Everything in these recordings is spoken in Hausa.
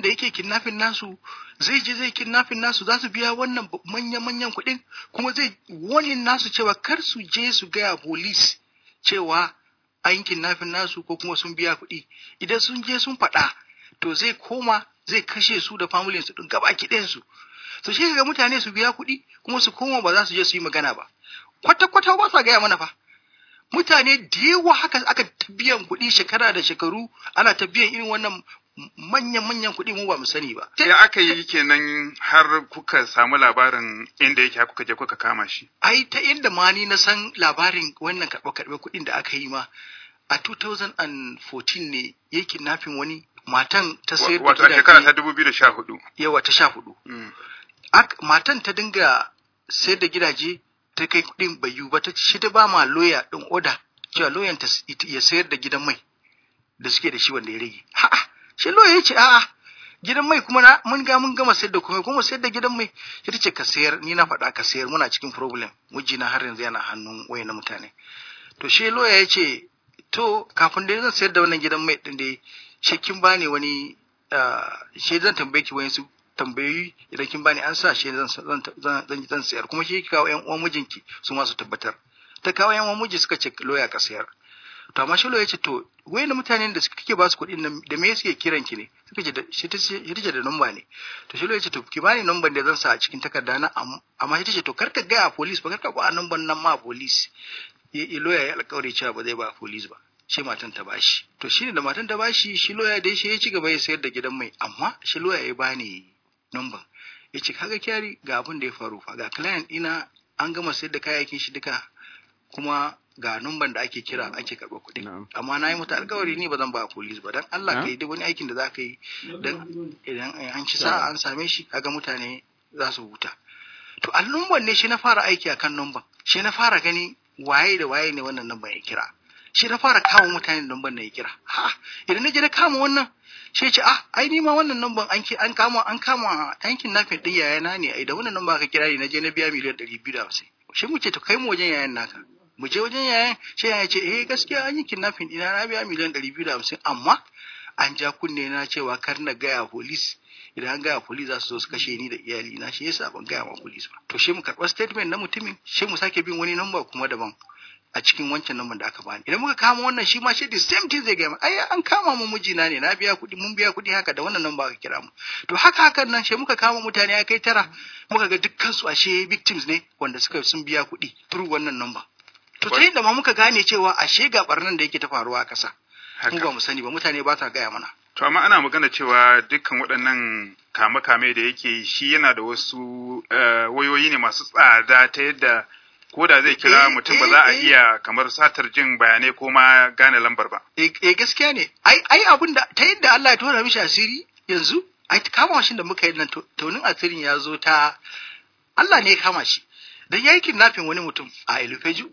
barayin da yake kidnapping nasu zai je zai kidnapping nasu za su biya wannan manya-manyan kuɗin kuma zai warning nasu cewa kar su je su gaya police cewa an kidnapping nasu ko kuma sun biya kuɗi idan sun je sun faɗa to zai koma zai kashe su da familin su din gaba kiɗin su to shi ga mutane su biya kuɗi kuma su koma ba za su je su yi magana ba kwata-kwata ba sa gaya mana fa mutane da yawa haka aka tabbiyan kuɗi shekara da shekaru ana tabbiyan irin wannan manyan-manyan kuɗi mu ba mu sani ba. Ya aka yi kenan har kuka samu labarin inda yake kuka je kuka kama shi? Ai ta inda ma ni na san labarin wannan karɓe-karɓe kuɗin da aka yi ma a 2014 ne yake nafin wani matan ta sayar da gidaje. Wata shekara ta 2014. Yawa ta 14. Mm. Matan ta dinga sayar da gidaje ta kai kuɗin bai yiwu ba ta shi ta ba ma loya ɗin oda cewa loyan ta ya sayar da gidan mai da suke da shi wanda ya rage a'a shi loya ya ce a'a gidan mai kuma na mun ga mun gama sayar da komai kuma sayar da gidan mai shi ta ce ka sayar ni na faɗa ka sayar muna cikin problem na har yanzu yana hannun wayan mutane to shi loya ya ce to kafin dai zan sayar da wannan gidan mai ɗin dai shi kin bani wani ah, shi zan tambaye ki wayansu tambayoyi idan kin bani an sa shi zan zan zan sayar kuma shi kawo yan uwan mijinki su ma su tabbatar ta kawo yan uwan miji suka ce loya ka sayar to amma shi loya ce to wayan mutanen da suka kike ba su kuɗin nan da me suke kiran ki ne suka ce shi ta ce da numba ne to shi loya ce to ki bani numban da zan sa a cikin takarda na amma shi ta ce to kar ka ga a police ba kar ka ba numban nan ma a police ya loya ya alƙawari cewa ba zai ba police ba shi matan ta bashi to shine da matan ta bashi shi loya da shi ya ci gaba ya sayar da gidan mai amma shi loya ya bani number ya ce kaga kyari ga abin da ya faru fa ga client ina an gama sayar da kayayyakin shi duka kuma ga numban da ake kira ake karɓar kuɗi amma na yi mata alkawari ni ba zan ba police ba dan Allah ka duk wani aikin da za ka yi dan idan an ci sa'a an same shi kaga mutane za su huta to a numban ne shi na fara aiki akan numban shi na fara gani waye da waye ne wannan numban ya kira shi na fara kawo mutane da numban na ya kira ha idan na je na kama wannan shi ce ah ai ni ma wannan namban an an kama an kama tankin na fi ɗin yayana ne ai da wannan namba ka kira ni na je na biya miliyan ɗari biyu da hamsin shi mu ce to kai mu wajen yayan naka mu je wajen yayan shi ya ce eh gaskiya an yi kidnapping ina na biya miliyan ɗari biyu da hamsin amma an ja kunne na cewa kar na gaya police idan an gaya police za su zo su kashe ni da iyali na shi yasa ban gaya ma police ba to shi mu karɓa statement na mutumin shi mu sake bin wani namba kuma daban a cikin wancan lambar da aka bani idan muka kama wannan shi ma shi the same thing zai gaya mu ai an kama mu mijina ne na biya kuɗi mun biya kuɗi haka da wannan lamba ka kira mu to haka hakan nan shi muka kama mutane ya kai tara muka ga dukkan su ashe victims ne wanda suka sun biya kuɗi through wannan number. to ta yadda ma muka gane cewa ashe ga barnan da yake ta faruwa a ƙasa mu ba mu sani ba mutane ba sa gaya mana To amma ana magana cewa dukkan waɗannan kame-kame da yake shi yana da wasu eh, wayoyi ne masu tsada ta yadda ko da zai kira eh, mutum ba eh, za a eh. iya kamar satar jin bayanai ko ma gane lambar ba. Eh gaskiya ne, ai ai abin da ta yadda Allah ya tona mishi asiri yanzu, ai kama shi da muka yi nan taunin asirin ya zo ta Allah ne ya kama shi. Dan ya yi kidnafin wani mutum a Elufeju,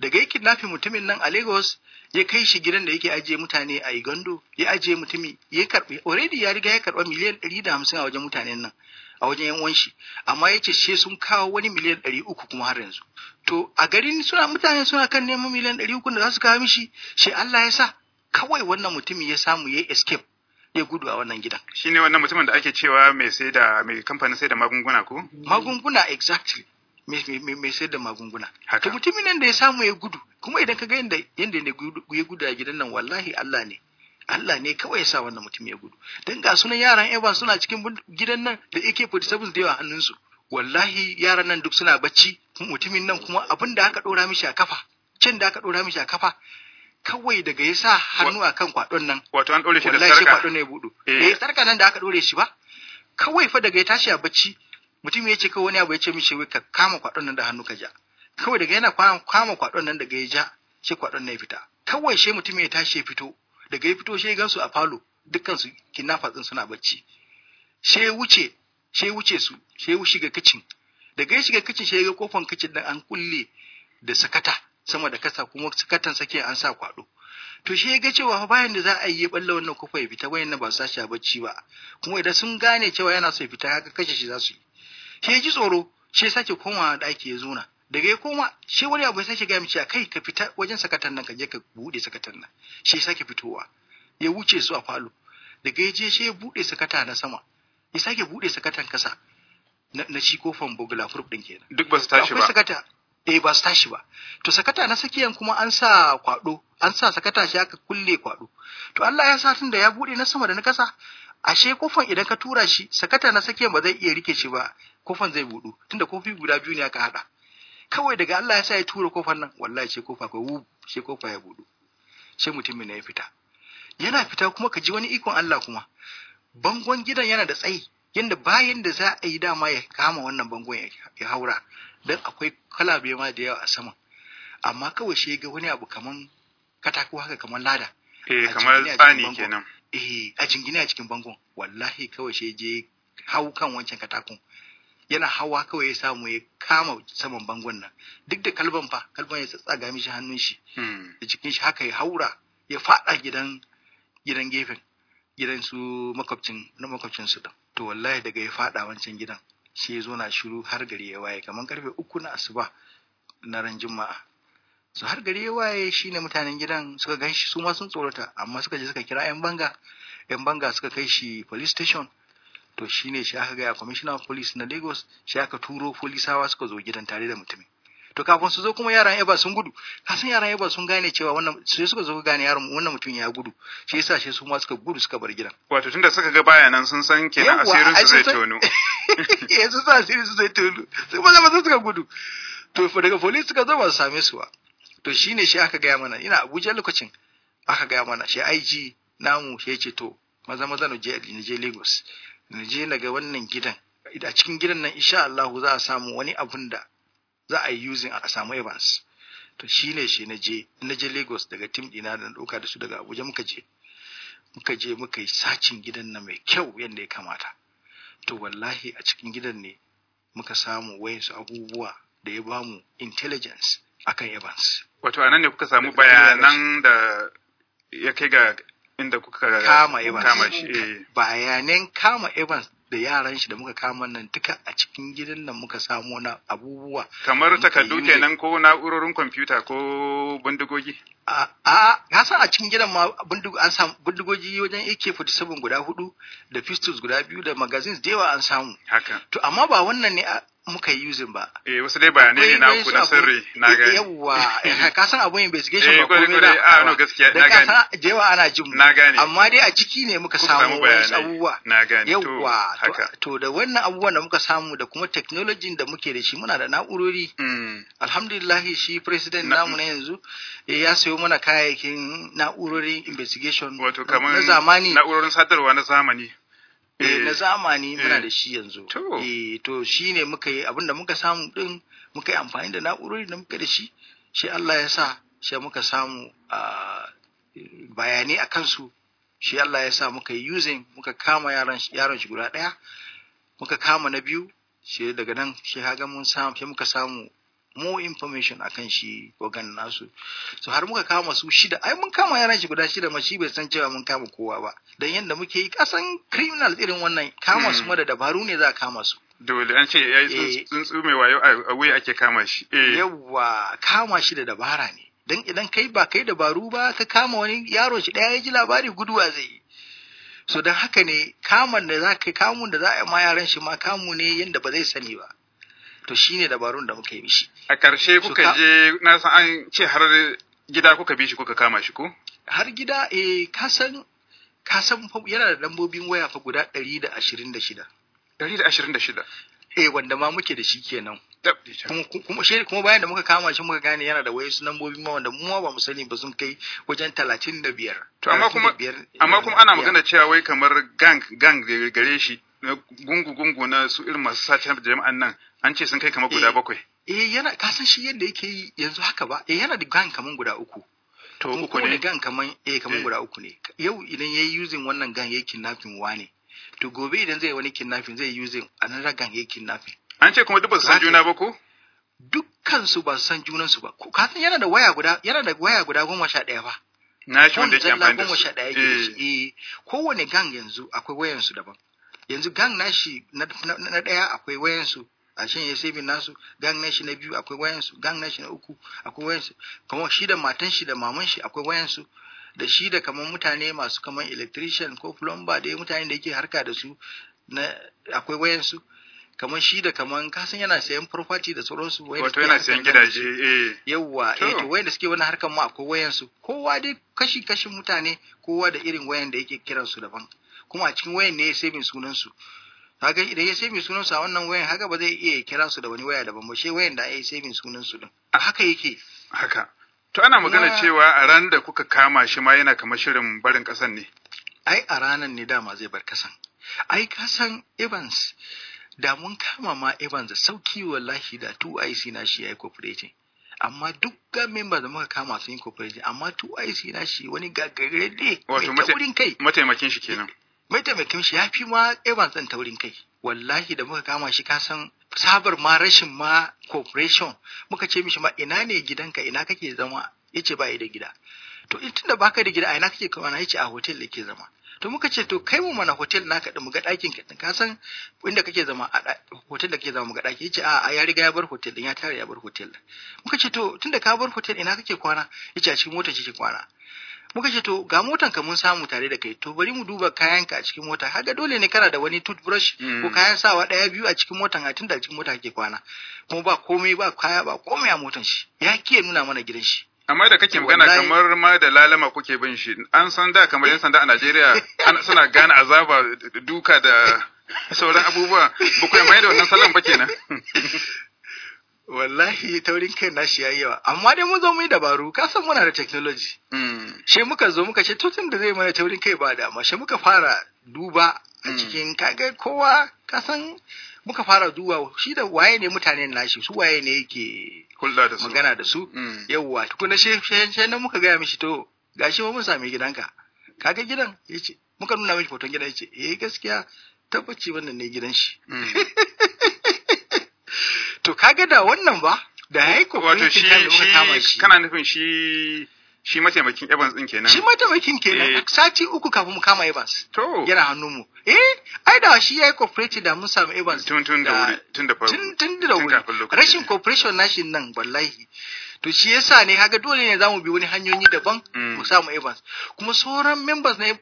daga yi kidnafin mutumin nan a Lagos ya kai shi gidan da yake ajiye mutane a Igondo, ya ajiye mutumi, ya karɓi, already ya riga ya karɓa miliyan ɗari da hamsin a wajen mutanen nan. a wajen yan uwan shi amma yace sai sun kawo wani miliyan ɗari uku kuma har yanzu to a garin suna mutane suna kan neman miliyan ɗari uku da za su kawo mishi shi Allah ya sa kawai wannan mutumin ya samu ya escape ya gudu a wannan gidan. Shi ne wannan mutumin da ake cewa mai sai da mai kamfanin sai da magunguna ko? Magunguna exactly. Mai sai da magunguna. Haka. mutumin nan da ya samu ya gudu kuma idan ka ga yadda ya gudu a gidan nan wallahi Allah ne. Allah ne kawai ya sa wannan mutum ya gudu don ga sunan yaran Eva suna cikin gidan nan da AK47 da yawa hannunsu wallahi yaran nan duk suna bacci mutumin nan kuma abin da aka dora mishi a kafa can da aka dora mishi a kafa kawai daga ya sa hannu a kan kwaɗon nan wato an dore shi da sarka wallahi kwaɗon ne ya budu eh sarka nan da aka dore shi ba kawai fa daga ya tashi a bacci mutum ya ce kawai wani abu ya ce mishi wai ka kama kwaɗon nan da hannu ka ja kawai daga yana kama kwaɗon nan daga ya ja sai kwaɗon na ya fita kawai sai mutum ya tashi ya fito daga ya fito shi su a falo dukkan su kidnapper suna bacci Shai wuce wuce su she wuce ga kicin daga ya shiga kicin she ga kofan kicin din an kulle da sakata sama da kasa kuma sakatan sake an sa kwado to she ga cewa bayan da za a yi balla wannan kofa ya fita nan ba su sashi a bacci ba kuma idan sun gane cewa yana so ya fita haka kashe shi za su yi she ji tsoro shi sake komawa daki ya zuna daga ya koma shi wani abu ya sake gaya mishi kai ka fita wajen sakatan nan ka je ka bude sakatan nan shi sake fitowa ya wuce su a falo daga ya je shi ya bude sakata na sama ya sake bude sakatan kasa na shi kofan bugula furf din kenan duk ba su tashi ba akwai sakata eh ba su tashi ba to sakata na sakiyan kuma an sa kwado an sa sakata shi aka kulle kwado to Allah ya sa tun da ya bude na sama da na kasa ashe kofan idan ka tura shi sakata na sakiyan ba zai iya rike shi ba kofan zai budu tunda kofi guda biyu ne aka hada kawai daga Allah ya sa ya tura kofar nan wallahi ce kofa ko wu ce kofa ya budu Sai mutumin ya fita yana fita kuma ka ji wani ikon Allah kuma bangon gidan yana da tsayi yanda bayan da za a yi dama ya kama wannan bangon ya haura dan akwai kalabe ma da yawa a sama amma kawai shi ga wani abu kaman katako haka kaman lada eh kamar tsani kenan eh a jingine a cikin bangon wallahi kawai shi je hau kan wancan katakon yana hawa kawai ya samu ya kama saman bangon nan duk da kalban fa kalban ya tsatsaga mishi hannun shi hmm. da cikin shi haka ya haura ya fada gidan gidan gefen gidan su makwabcin na makwabcin su to wallahi daga ya fada wancan gidan shi ya zo na shiru har gari ya waye kamar karfe uku na asuba na ran juma'a su har gari ya waye shine mutanen gidan suka ganshi su ma sun tsorata amma suka je suka kira yan banga yan banga suka kai shi police station to shine shi aka gaya commissioner of police na lagos shi aka turo polisawa suka zo gidan tare da mutumin to kafin su zo kuma yaran eba sun gudu ka san yaran eba sun gane cewa wannan sai suka zo gane yaron wannan mutum ya gudu shi yasa shi su ma suka gudu suka bar gidan wato tunda suka ga baya nan sun san kenan asirin su zai tono eh su san asirin su zai tono sai maza maza suka gudu to daga police suka zo ba su same su ba to shine shi aka gaya mana ina Abuja lokacin aka gaya mana shi IG namu shi ya ce to maza maza na je Lagos na je na ga wannan gidan a cikin gidan nan insha Allah za a samu wani abun da za a yi using a samu Evans to shine shi na je na je Lagos daga tim dina da na dauka da su daga Abuja muka je muka je muka yi sacin gidan nan mai kyau yadda ya kamata to wallahi a cikin gidan ne muka samu wayansu abubuwa da ya bamu intelligence akan Evans wato anan ne kuka samu bayanan da ya kai ga inda kuka kama Evans eh. bayanan kama Evans da yaran shi da muka kama nan duka a cikin gidan nan muka samu na abubuwa kamar takardu kenan ko na'urorin kwamfuta ko bindigogi a a san a cikin gidan ma bindigo an samu bindigogi wajen AK47 guda hudu da pistols guda biyu da magazines da yawa an samu haka to amma ba wannan ne muka yi using ba. Eh wasu dai bayanai ne na ku na sirri na eh, gani. Yawwa eh, ka san abun investigation eh, ba komai na. a ah, no gaskiya na gani. Da jewa ana jin mu. Na gani. Amma dai a ciki ne muka samu wasu abubuwa. Na gani. Yawwa to da wannan abubuwan da muka samu da kuma technology da muke da shi muna da na'urori. Mm. Alhamdulillah shi president namu na yanzu ya sayo mana kayayyakin na'urorin investigation. Wato kamar na zamani. Na'urorin sadarwa na zamani. eh, na zamani muna eh. da shi yanzu e to eh, shi ne muka yi abinda muka samu din muka yi amfani da na'urori da muka da shi shi Allah ya sa shi muka samu bayanai a kansu shi Allah ya sa muka yi using muka kama yaran shi guda ɗaya muka kama na biyu shi daga nan shi haga mun samu shi muka samu more information a kan shi gan nasu so har muka kama su shida ai mun kama yaran shi guda shida ma shi bai san cewa mun kama kowa ba dan yanda muke yi kasan criminal irin wannan kama su hmm. ma da dabaru ne za a kama su dole an ce ya yi eh. tsuntsu mai wayo a wuya ake kama shi eh. yawwa kama shi da dabara ne dan idan kai ba kai dabaru ba ka kama wani yaro shi daya ya ji labari guduwa zai yi so don haka ne kamun da za ka kamun da za a ma yaran shi ma kamu ne yanda ba zai sani ba to shi ne dabarun da muka yi mishi a ƙarshe kuka je na san an ce har gida kuka bi shi kuka kama shi ko har gida eh ka san yana da lambobin waya fa guda ɗari Ɗari da da da ashirin ashirin shida. da shida. eh wanda ma muke da shi kenan kuma shi kuma bayan da muka kama shi muka gane yana da wayansu lambobi ma wanda mu ba mu sani ba sun kai wajen biyar. to amma kuma eh, amma kuma ana magana cewa wai kamar gang gang gare shi gungu gungu na su irin masu sace jama'an nan an ce sun kai kamar guda eh. bakwai eh yana ka san shi yadda yake yi yanzu haka ba eh yana da gan kaman guda uku to uku ne gan kamar eh kaman eh. guda uku ne yau idan yayi using wannan gan yayi kidnapping ne? to gobe idan zai wani kidnapping zai using another gan yi kidnapping an ce kuma duk ba su san juna ba ko dukkan su ba su san junan su ba ka san yana da waya guda yana da waya guda goma sha ɗaya ba. na shi wanda ke amfani da su eh. eh kowane gang yanzu akwai wayansu daban yanzu gang nashi na ɗaya akwai wayansu a shan ya saving nasu gang na shi na biyu akwai wayansu gang na shi na uku akwai wayansu kamar shi da matan shi da maman shi akwai wayansu da shi da kamar mutane masu kamar electrician ko plumber da mutane da yake harka da su na akwai wayansu kamar shi da kamar kasan yana sayan property da sauransu wato yana sayan gidaje eh yawa eh to wayanda suke wani harkar ma akwai wayansu kowa dai kashi kashi mutane kowa da irin wayan da yake kiransu daban kuma a cikin wayan ne ya saving sunan su kaga idan ya saving sunan sa wannan wayan haka ba zai iya kira su da wani waya daban ba she wayan da ai saving sunan su din haka yake haka to ana magana cewa a ran da kuka kama shi ma yana kamar shirin barin kasan ne ai a ranan ne dama zai bar kasan ai kasan Evans da mun kama ma Evans da sauki wallahi da 2IC na shi yayi cooperating amma dukkan member da muka kama sun yi cooperating amma 2IC na shi wani gagarare ne mai taurin kai mataimakin shi kenan mataimakin shi ya fi ma Evans ɗin taurin kai wallahi da muka kama shi kasan sabar ma rashin ma corporation muka ce mishi ma ina ne gidanka ina kake zama Ya ce ba da gida to in tunda baka da gida a ina kake kwana ce a hotel da ke zama to muka ce to kai mu mana hotel naka din mu ga ɗakin ka ka san inda kake zama a hotel da kake zama mu ga ɗaki yace a ya riga ya bar hotel din ya tare ya bar hotel muka ce to tunda ka bar hotel ina kake kwana yace a cikin mota kike kwana muka ce to ga motan ka mun samu tare da kai to bari mu duba kayan ka a cikin mota haka dole ne kana da wani toothbrush ko mm. kayan sawa daya biyu a cikin motan a tunda cikin mota kake kwana kuma ba komai ba kaya ba komai a motan shi ya kiye nuna mana gidan shi amma da kake magana kamar ma da lalama kuke bin shi an san da kamar yan sanda a Najeriya suna gane azaba duka da sauran abubuwa ba ku mai da wannan salon ba kenan wallahi taurin kai nashi ya yawa amma dai mun zo mu yi dabaru ka san muna da technology mm. she muka zo muka ce tutun da zai mana taurin kai ba dama she muka fara duba a mm. cikin kaga kowa ka san muka fara duba shi da waye ne mutanen nashi su waye ne yake da su magana da su mm. yawwa tukuna shi she nan muka gaya mishi to gashi mun sami gidanka kaga gidan Ya ce. muka nuna mishi hoton gidan Ya ce. eh gaskiya tabbaci wannan ne gidan shi to kaga da wannan ba da ya ko wato shi shi kana nufin shi shi mataimakin Evans ɗin kenan shi mataimakin kenan eh. sati uku kafin mu kama Evans to yana hannun mu eh ai da shi ya yi cooperate da mun samu Evans tun tun da wuri tun da farko tun da wuri rashin cooperation nashi nan wallahi to shi yasa ne kaga dole ne zamu bi wani hanyoyi daban mm. mu samu Evans kuma sauran members na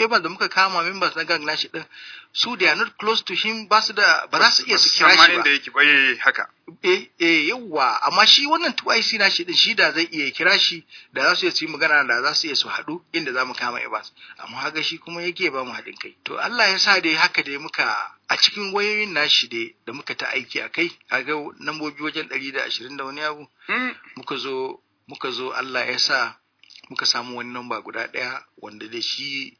Eban da muka kama members na gang nashi din su they are not close to him ba su da ba za su iya su kira shi ba. yake ba eh, haka. Eh eh yawa amma shi wannan 2IC nashi din shi da zai iya kira shi da za su iya su yi magana da za su iya su haɗu inda za mu kama Evans amma Haga shi kuma yake ba mu haɗin kai. To Allah ya sa dai haka dai muka a cikin wayoyin nashi dai da muka ta aiki a kai ga nambobi wajen ɗari da ashirin da wani abu. Hmm. Muka zo muka zo Allah ya sa muka samu wani namba guda ɗaya wanda da shi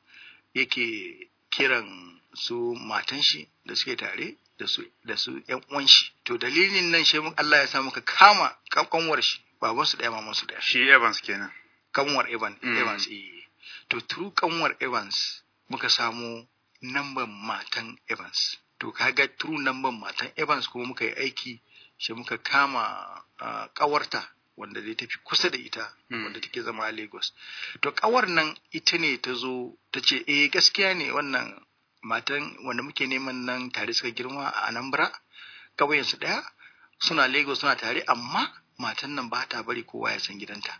yake kiran su matan shi da suke tare da su da su ƴan uwan shi to dalilin nan shi Allah ya sa muka kama kankanwar shi baban su daya maman su daya shi Evans kenan kanwar Evans mm. Evans eh to through kanwar Evans muka samu namban matan Evans to kaga through namban matan Evans kuma muka yi aiki shi muka kama kawarta ah, wanda dai tafi kusa da ita hmm. wanda take zama a Lagos to kawar nan ita ne ta zo ta ce eh gaskiya ne wannan matan wanda muke neman nan tare suka girma a Anambra kauyensu daya suna Lagos suna tare amma matan nan ba ta bari kowa ya san gidanta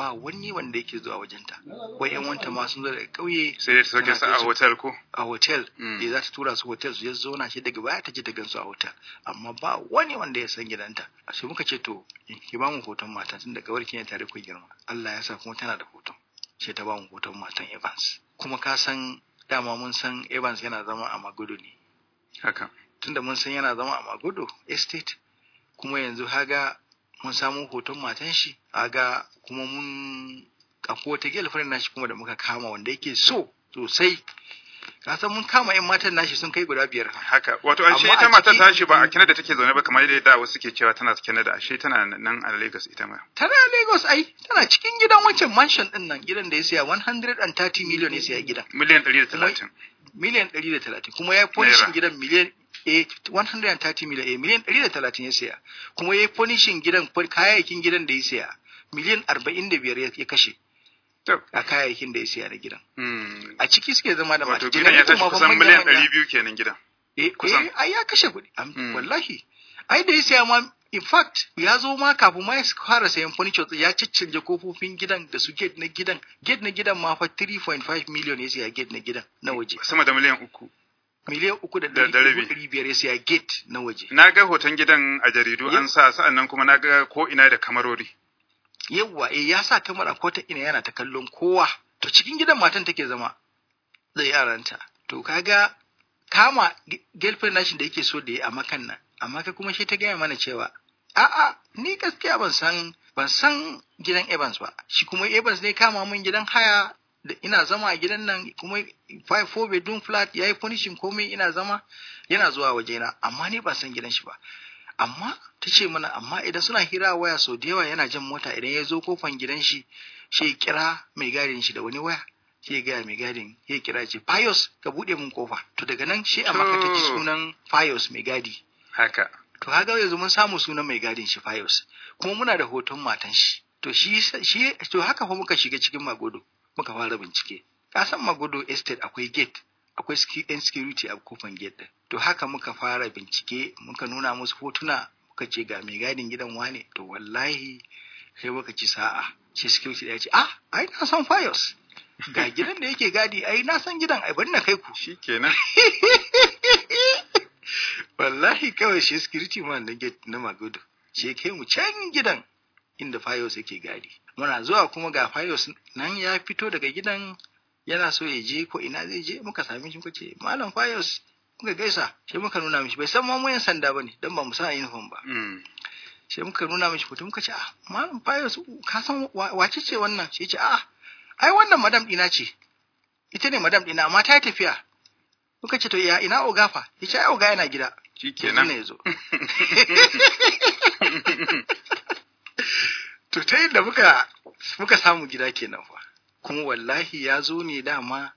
ba wani wanda yake zuwa wajenta wai yan wanta ma sun zo daga kauye sai dai ta sauke su a hotel ko a hotel mm. eh za ta tura su hotel su je zauna shi daga baya ta je ta gansu a hotel amma ba wani wanda ya san gidanta sai muka ce to ki ba mu hoton matan tun da kawar ne tare ku girma Allah ya sa kuma tana da hoton sai ta ba mu hoton matan Evans kuma ka san dama mun san Evans yana zama a Magudu ne haka tunda mun san yana zama a Magudu estate kuma yanzu haga mun samo hoton matan shi ga kuma mun akwai wata gelfar nashi kuma da muka kama wanda yake so sosai kasan mun kama yan matan nashi sun kai guda biyar haka wato ashe ita ta shi, ba a kina da take zaune ba kamar yadda wasu ke cewa tana cikin da ashe tana nan a Lagos ita ma tana Lagos ai tana cikin gidan wancan mansion din nan gidan da ya siya 130 million ya siya gidan miliyan 130 miliyan 130 kuma ya yi polishin gidan miliyan 130 miliyan eh miliyan 130 eh, ya saya kuma yayi furnishing gidan kayayyakin gidan da ya saya miliyan 45 ya kashe a kayayyakin da ya saya na gidan hmm. a ciki suke zama da mata gidan ya tashi kusan miliyan 200 kenan gidan eh, eh ai ya kashe kuɗi hmm. wallahi ai da ya saya ma in fact ya zo ma kafin ma ya fara sayan furniture ya ciccanje kofofin gidan da su gate na gidan gate na gidan ma fa 3.5 million ya saya gate na gidan na waje sama da miliyan 3 miliyan uku da ɗari biyar ya siya gate na waje. Na ga hoton gidan a jaridu an sa sa'annan kuma na ga ko ina da kamarori. Yawwa eh ya sa kamara ko ta ina yana ta kallon kowa to cikin gidan matan take zama da yaranta to kaga kama girlfriend nashin da yake so da ya a makan nan amma ka kuma shi ta gaya mana cewa a'a ni gaskiya ban san ban san gidan Evans ba shi kuma Evans ne kama min gidan haya da ina zama a gidan nan kuma five four bedroom flat yayi furnishing komai ina zama yana zuwa wajena amma ni ba san gidan shi ba amma ta ce mana amma idan suna hira waya sau da yawa yana jan mota idan ya zo kofan gidan shi shi kira mai gadin shi da wani waya shi ga mai gadin ya kira ce Fayos ka buɗe mun kofa to daga nan shi amma ka taji sunan Fayos mai gadi haka to haka yanzu mun samu sunan mai gadin shi Fayos kuma muna da hoton matan shi to shi to haka fa muka shiga cikin magodo muka fara bincike ka san magodo estate akwai gate akwai security security a kofan gate din to haka muka fara bincike muka nuna musu hotuna muka ce ga mai gadin gidan wane to wallahi sai muka ci sa'a sai security ya ce ah ai na san fayos ga gidan da yake gadi ai na san gidan ai bari na kai ku shikenan wallahi kawai shi security man na gate na magodo shi kai mu can gidan inda fayos yake gadi muna zuwa kuma ga fayos nan ya fito daga gidan yana so ya je ko ina zai je muka sami shi muka ce malam fayos muka gaisa shi muka nuna mishi bai san ma mu yan sanda bane dan ba mu san uniform ba mm. shi muka nuna mishi fito muka ce a ah, malam fayos ka san wace ce wannan shi ce a ah, ai wannan madam dina ce ita ne madam dina amma ta tafiya muka ce to ya ina ogafa ya ce ai oga yana gida shikenan ne yazo to ta yadda muka samu gida kenan fa kuma wallahi ya zo ne dama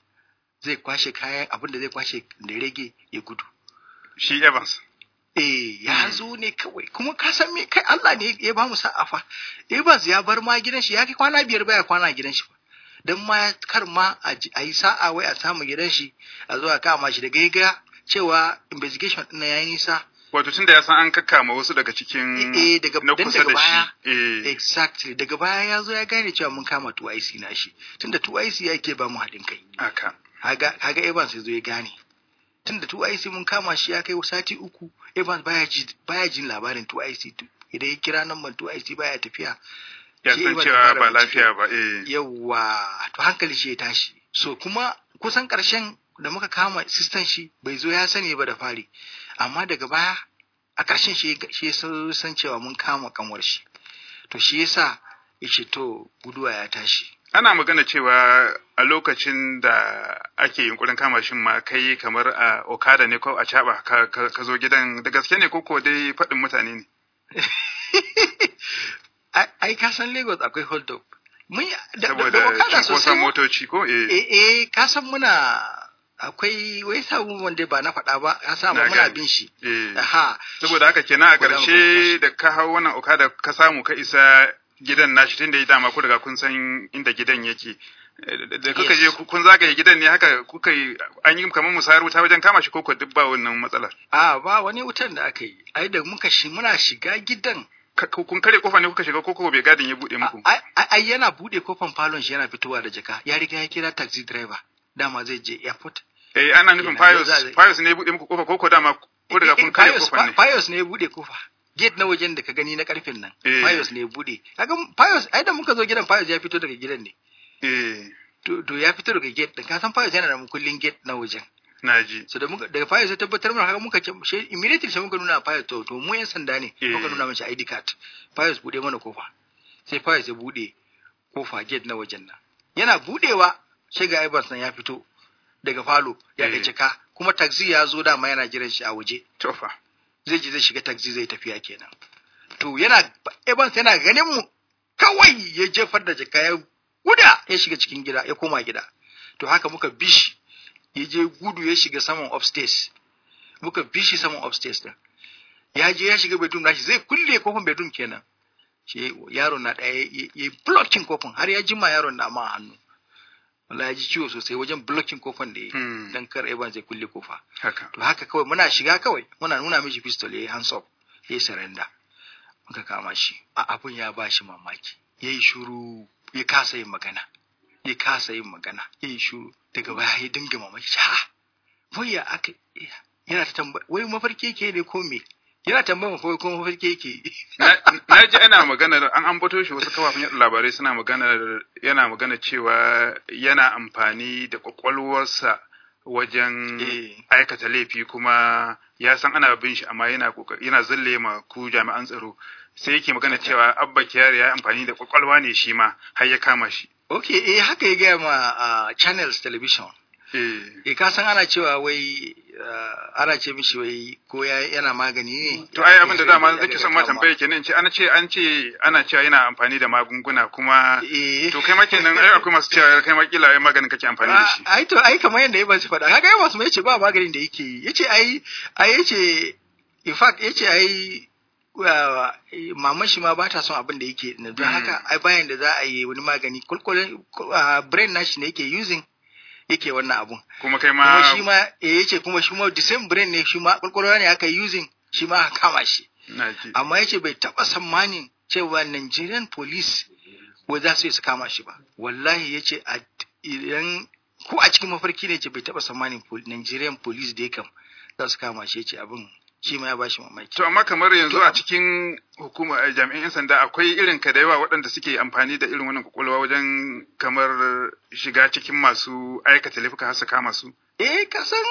zai kwashe kayan abin da zai kwashe da rage ya gudu shi Evans eh ya hmm. zo ne kawai kuma ka san me kai Allah ne ya ba mu sa'a Evans ya bar ma gidan shi ya kai kwana biyar baya kwana gidan shi Don ma kar ma a yi sa'a wai a samu gidan shi a zuwa kama shi daga ga cewa investigation na ya yi nisa Wato tun da ya san an kakkama wasu daga cikin eh, eh, na kusa da shi. Eh exactly daga baya ya zo ya gane cewa mun kama 2IC na shi tunda ya ke ba mu haɗin kai. Aka. Haga Evans ya zo ya gane. Tunda 2IC mun kama shi ya kai sati uku Evans baya ji jin labarin TYC idan ya kira nan 2IC baya tafiya. Ya san cewa ba lafiya ba eh. Yawwa to hankali shi ya tashi. So kuma kusan ƙarshen da muka kama sistan shi bai zo ya sani ba da fari. amma daga baya a ƙarshen shi san cewa mun kama kamar shi to shi yasa yace to guduwa ya tashi ana magana cewa a lokacin da ake yunkurin kama shin ma kai kamar a okada ne ko a caba ka zo gidan da gaske ne koko dai faɗin mutane ne ai ka san lagos akwai hold up mun da okada sosai motoci ko eh. eh eh ka san muna akwai wai sabon wanda ba na faɗa ba a samu muna bin shi eh. ha saboda haka kenan a ƙarshe da ka hau wannan oka da ka samu ka isa gidan nashi tunda ya dama ku daga kun san inda gidan yake eh, da kuka je kun zagaye gidan ne haka kuka yi an yi kamar musayar wuta wajen kama shi ko ko duk ba wannan matsalar a ba wani wutan da aka yi ai da muka shi muna shiga gidan kun kare kofa ne kuka shiga ko ko bai gadin ya bude muku ai yana bude kofan falon shi yana fitowa da jaka ya riga ya kira taxi driver dama zai je airport eh ana nufin Pius Pius ne ya bude muku kofa koko dama ko daga kun kare kofa ne Pius ne ya bude kofa gate na wajen da ka gani na karfin nan eh. Pius ne ya bude kaga Pius ai da muka zo gidan Pius ya fito daga gidan ne eh to ya fito daga gate din ka san Pius yana da mukullin gate na wajen naji so da muka daga Pius ya tabbatar mana haka muka ce immediately sai muka nuna Pius to to mu yan sanda ne eh. muka nuna mace ID card Pius bude mana kofa sai Pius ya bude kofa gate na wajen nan yana budewa sai ga Evans ya fito daga falo ya ga jaka eh. kuma taxi ya zo dama yana jiran shi a waje to fa zai je zai shiga taxi zai tafiya kenan to yana Evans yana ganin mu kawai ya jefar da jaka ya guda ya shiga cikin gida ya koma gida to haka muka bishi ya je gudu ya shiga saman upstairs muka bishi saman upstairs din ya je ya shiga bedroom nashi zai kulle kofin bedroom kenan shi yaron na daya ya yi blocking kofin har ya jima yaron na ma hannu Allah ya ji ciwo sosai wajen blocking kofan da ya yi hmm. dan kar Evans zai kulle kofa to haka kawai muna shiga kawai muna nuna mishi pistol ya yi hands up ya yi surrender muka kama shi a abun ya ba shi mamaki ya yi shuru ya kasa yin magana ya kasa yin magana ya yi shuru daga baya ya dinga mamaki ha wai ya aka yana ta tambaya wai mafarki ke ne ko me yana tambayan ko kuma farke yake na ji ana magana an ambato shi wasu kafafen yadda labarai suna magana yana magana cewa yana amfani da kwakwalwarsa wajen eh. aikata laifi kuma ya san ana bin shi amma yana yana zalle ma ku jami'an tsaro sai yake magana cewa abba kiyari ya amfani da kwakwalwa ne shi ma har ya kama shi okay eh haka ya gaya ma ah, channels television eh. eh ka san ana cewa wai Eh, ana ce mishi wai ko yana magani ne to ai abin da dama zaki son ma tambaye kenan ce ana ce an ce ana cewa yana amfani da magunguna kuma eh. to kai ma kenan ai akwai masu cewa kai ma kila maganin kake amfani da shi ah, ai to ai kamar yadda shi faɗa kaga masu mai ce ba maganin da yake yi yace ai ai yace in fact yace ai eh, maman shi ma ba ta son abin da yake don hmm. haka ai bayan da za a yi wani magani kulkulin ah, brain nashi ne yake using yake wannan abun kuma kai ma kuma shi ma eh yace kuma shi ma December ne shi ma kwakwalwa ne aka using shi ma kama shi amma yace bai taba tsammanin cewa Nigerian police ko za su yi su kama shi ba wallahi yace idan ko a cikin mafarki ne ce bai taba tsammanin Nigerian police dai kam za su kama shi yace abin shi ma ya bashi mamaki. To amma kamar yanzu a cikin hukuma eh, jami'an 'yan sanda akwai irin ka da yawa waɗanda suke amfani da irin wannan kwakwalwa wajen kamar shiga cikin masu aikata laifuka har su kama su. Eh kasan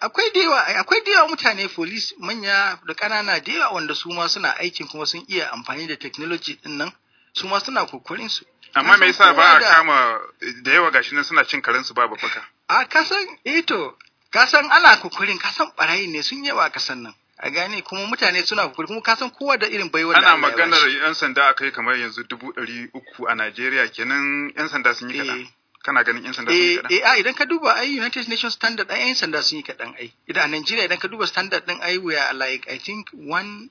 akwai da yawa akwai da yawa mutane polis manya da ƙanana da yawa wanda su ma suna aikin kuma sun iya amfani da technology din nan su ma suna kokarin su. Amma me yasa ba a kama eh, da yawa gashi nan suna cin karensu ba babbaka? A kasan eh to kasan ana kokarin kasan barayi ne sun yawa kasan nan. a gane kuma mutane suna kukuri kuma kasan kowa da irin baiwar da ana maganar yan sanda a kai kamar yanzu dubu ɗari uku a Najeriya kenan yan sanda sun yi kaɗan eh. kana ganin yan sanda sun yi eh, kaɗan eh a idan ka duba ai United Nations standard ai yan sanda sun yi kaɗan ai idan a Najeriya idan ka duba standard ɗin ai we are like I think one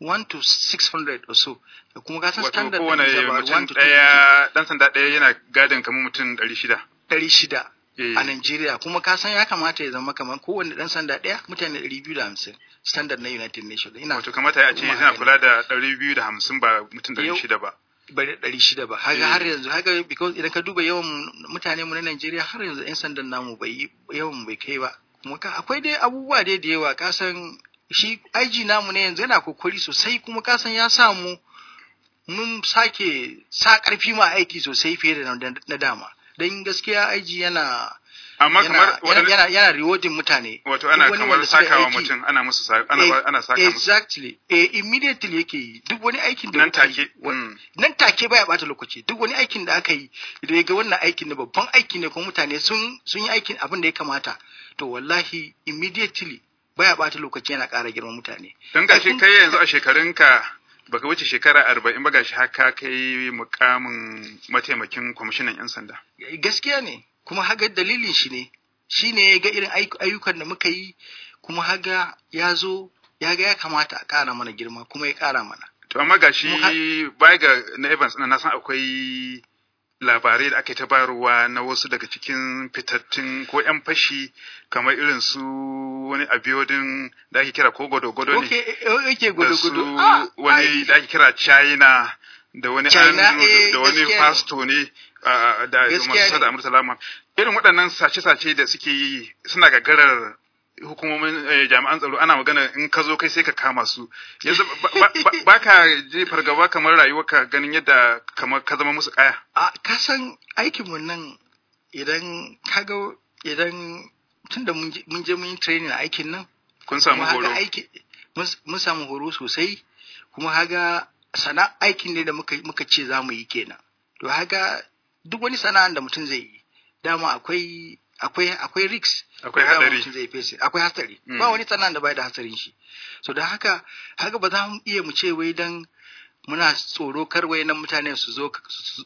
one to hundred or so kuma ka san standard din ba 1 to ɗaya ɗan sanda ɗaya yana gadin kamar mutum ɗari shida. Ɗari shida. a eh. Najeriya kuma ka san ya kamata ya zama kamar kowanne ɗan sanda ɗaya mutane biyu da hamsin. standard na United Nations ina wato kamata ya ce yana kula da 250 ba mutum 600 ba bari ɗari shida ba haka eh. har yanzu haka because idan ka duba yawan mutane mu na Najeriya har yanzu 'yan sandan namu bai yawan bai kai ba kuma ka akwai dai abubuwa dai da yawa ka san shi IG namu ne yanzu yana kokari sosai kuma ka san ya samu mun sake sa ƙarfi ma aiki sosai fiye da na dama don gaskiya IG yana amma kamar yana yana rewarding mutane wato ana kamar sakawa mutum ana musu ana eh, ana saka musu exactly eh immediately yake yi duk wani aikin da nan take mm. nan take baya bata lokaci duk wani aikin da aka yi idan ga wannan aikin ne babban aiki ne kuma mutane sun sun yi aikin abin da ya kamata to wallahi immediately baya bata lokaci yana ƙara girma mutane dan gashi kai yanzu a shekarunka baka wuce shekara arba'in ba gashi haka kai mukamin mataimakin kwamishinan 'yan sanda. Eh, gaskiya ne, kuma haga dalilin shi ne shi ne ya ga irin ayyukan da muka yi kuma haga ya zo ya ga ya kamata a ƙara mana girma kuma ya ƙara mana to amma ga shi baya ga na Evans na san akwai labarai da ake ta bayarwa na wasu daga cikin fitattun ko 'yan fashi kamar irin su wani abiyodin da ake kira ko godogodo ne da su ah, wani da ake kira china da wani da eh, wani pasto ne da Musa da Amurta Lama irin waɗannan sace-sace da suke yi suna gagarar hukumomin eh, jami'an tsaro ana magana in ka zo kai sai ka kama su yanzu ba ka je fargaba kamar ka ganin yadda kamar ka zama musu kaya a ka san aikin mu nan idan ka ga idan tunda mun je mun yi training a aikin nan kun samu horo mun samu horo sosai kuma haga sana aikin ne da muka ce za mu yi kenan to haga duk wani sana'an da mutum zai yi dama akwai akwai akwai risk akwai hadari mutum zai face akwai hatsari mm. ba wani sana'an da bai da hatsarin shi so don haka haka ba za mu iya mu ce wai dan muna tsoro kar nan mutane su zo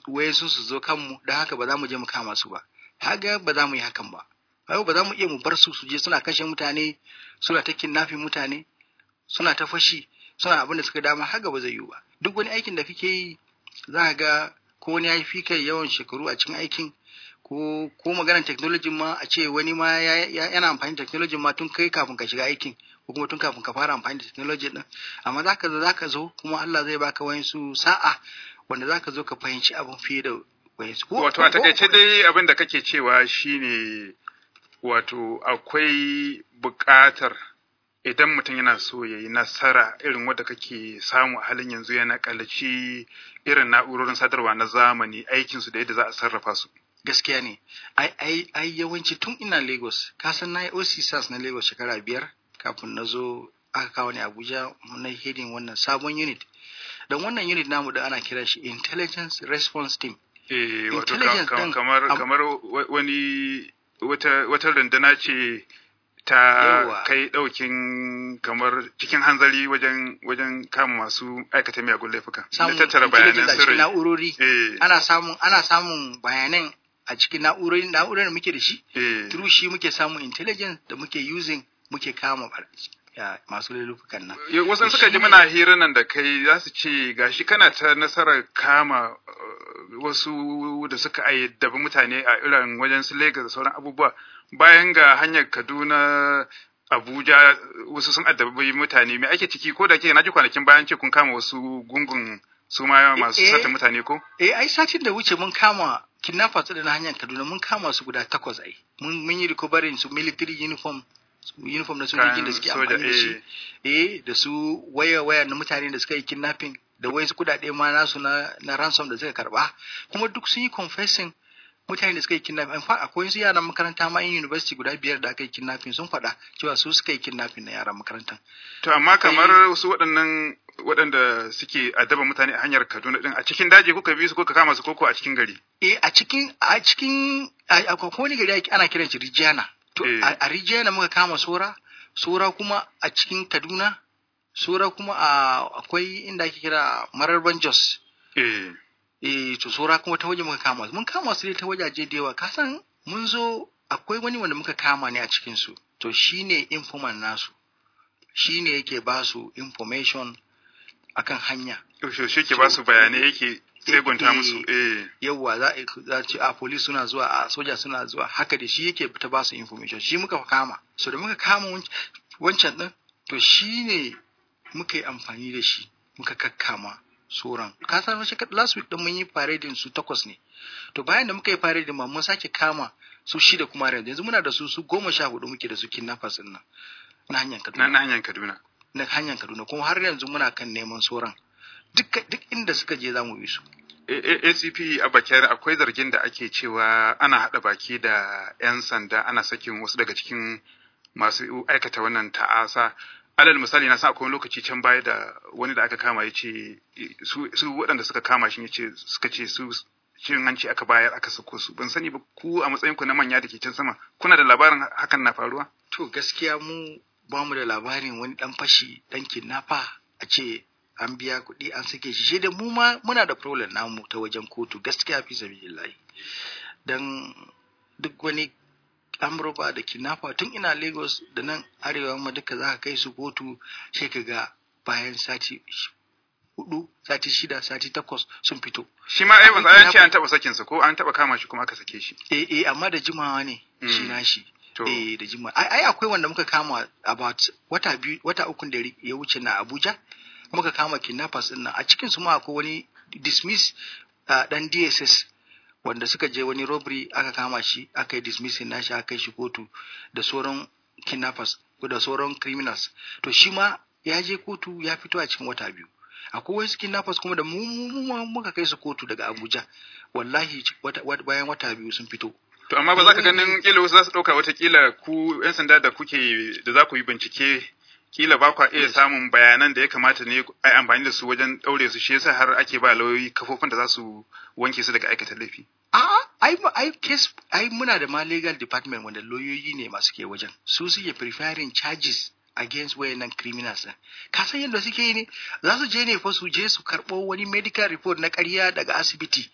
wayan su su zo kanmu don haka ba za mu je mu kama su ba haka ba za mu yi hakan ba haka ba za mu iya mu bar su su je suna kashe mutane suna ta kidnapping mutane suna ta fashi suna abin da suka dama haka ba zai yiwu ba duk wani aikin da kake yi za ka ga ko wani ya fi kai yawan shekaru a cikin aikin ko ko maganar technology ma a ce wani ma yana amfani da technology ma tun kai kafin ka shiga aikin ko kuma tun kafin ka fara amfani da technology din amma zaka zo zaka zo kuma Allah zai baka su sa'a wanda zaka zo ka fahimci abin fiye da su wato a takaice dai abin da kake cewa shine wato akwai buƙatar idan mutum yana so ya yi nasara irin wadda kake samu a halin yanzu yana kallaci irin na'urorin sadarwa na zamani aikinsu da yadda za a sarrafa su. Gaskiya ne, ai, yawanci tun ina Lagos, kasan na yi OCSAS na Lagos shekara biyar kafin na zo aka kawo ni Abuja na hidin wannan sabon unit. Don wannan unit namu da ana kira shi Intelligence Response Team. Eh, wato kamar, wani wata, wata rundunar ce ta kai ɗaukin kamar cikin hanzari wajen wajen kama masu aikata miyagun laifuka. Da tattara bayanan sirri. urori eh. Ana samun ana samun bayanan a cikin na'urori na da muke da shi. Eh. Through shi muke samun intelligence da muke using muke kama masu laifukan nan. wasan suka ji muna hira nan da kai za su ce gashi kana ta nasarar kama wasu da suka ayyadabi mutane a irin wajen su Lagos da sauran abubuwa bayan ga hanyar Kaduna Abuja wasu sun addabi mutane me ake ciki ko da ke na ji kwanakin bayan ce kun kama wasu gungun su ma masu eh, eh. sata mutane ko? Eh ai satin da wuce mun kama kidnappers da na hanyar Kaduna mun kama su guda takwas ai mun yi recovering su military uniform uniform na sojojin da suke amfani da shi eh, eh da su waya waya na mutane da suka yi kidnapping da wai su kudade ma nasu na, na ransom da suka karba kuma duk sun yi confessing mutane da suka yi kidnapping in fact akwai su yaran makaranta ma in university guda biyar da aka yi kidnapping sun faɗa cewa su suka yi kidnapping na yaran makarantan to amma kamar su waɗannan waɗanda suke adaba mutane a hanyar Kaduna din a cikin daji kuka bi su kuka kama su koko a cikin gari eh a cikin a cikin a kokoni gari ana kiran shi Rijiyana to eh. a Rijiyana muka kama Sora Sora kuma a cikin Kaduna sura kuma akwai inda ake kira mararban jos eh. eh to sura kuma ta waje muka kama su, mun kama su ne ta wajaje da yawa kasan mun zo akwai wani wanda muka kama ne a cikinsu. To shi ne informan nasu shi ne yake ba su information a kan hanya shi yake ba su bayanai yake tsegunta eh, musu eh, yawwa za a ce a ah, police suna zuwa a ah, soja suna zuwa haka da shi yake ta ba su information shi muka kama so da muka kama wancan din to shi ne. muka yi amfani da shi muka kakkama sauran ka san shi last week din mun yi parading su takwas ne to bayan da muka yi parading ma mun sake kama su shida kuma yanzu yanzu muna da su su goma sha hudu muke da su kidnappers din nan na hanyar Kaduna na hanyar Kaduna na hanyar Kaduna kuma har yanzu muna kan neman sauran duk duk inda suka je za mu bi su ACP a bakiyar akwai zargin da ake cewa ana haɗa baki da 'yan sanda ana sakin wasu daga cikin masu aikata wannan ta'asa alal misali na sa akwai lokaci can baya da wani da aka kama ya ce su waɗanda suka kama shi ya ce suka ce su cin hanci aka bayar aka sako su ban sani ba ku a matsayin ku na manya da ke can sama kuna da labarin hakan na faruwa to gaskiya mu ba mu da labarin wani dan fashi dan kinnafa a ce an biya kuɗi an sake shi shi da mu ma muna da problem namu ta wajen kotu gaskiya fi sabilillahi dan duk wani amurba da kinafa tun ina lagos da nan arewa ma duka za ka kai su kotu sai ka ga bayan sati hudu sati shida sati takwas sun fito shi ma ai ba ce an taba sakin sa ko an taba kama shi kuma aka sake shi eh eh amma da jimawa ne mm. shi na shi eh da jimawa ai akwai wanda muka kama about wata biyu wata uku da ya wuce na Abuja muka kama kidnappers din nan a cikin su ma akwai wani dismiss dan ah, DSS wanda suka je wani robbery aka kama shi aka yi dismissing nashi aka yi shi kotu da sauran kidnappers da sauran criminals to shi ma ya je kotu ya fito a cikin wata biyu akwai wasu kidnappers kuma da mu muka kai su kotu daga Abuja wallahi bayan wata biyu sun fito to amma ba za ka ganin kila wasu za su dauka wata kila ku yan sanda da kuke da za ku yi bincike kila ba kwa iya samun bayanan da ya kamata ne a amfani da su wajen ɗaure su shi yasa har ake ba lauyoyi kafofin da za su wanke su daga aikata laifi. A'a, ai muna da ma legal department wanda lauyoyi ne masu ke wajen su suke preferring charges against wayannan criminals din ka san yadda suke yi ne za su je ne fa su je su karɓo wani medical report na ƙarya daga asibiti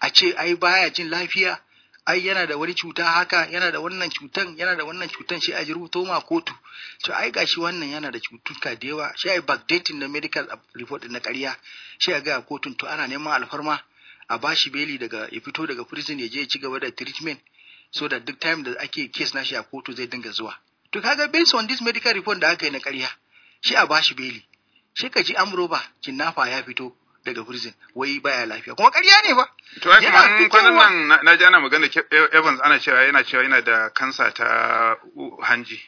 a ce ai baya jin lafiya ai yana da wani cuta haka yana da wannan cutan yana da wannan cutan shi a ji rubuto ma kotu to ai gashi wannan yana da cutuka da yawa shi ai backdating da medical report na ƙarya shi a ga kotun to ana neman alfarma a bashi beli daga ya fito daga prison ya je ya ci gaba da treatment so that duk time da ake case nashi a kotu zai dinga zuwa to kaga based on this medical report da aka yi na ƙarya shi a bashi beli shi ka ji amro ba kinnafa ya fito daga prison wai baya lafiya kuma ƙarya ne ba to ai kuma kwanan nan na ji ana magana e- Evans ana cewa yana cewa yana da kansa ta hanji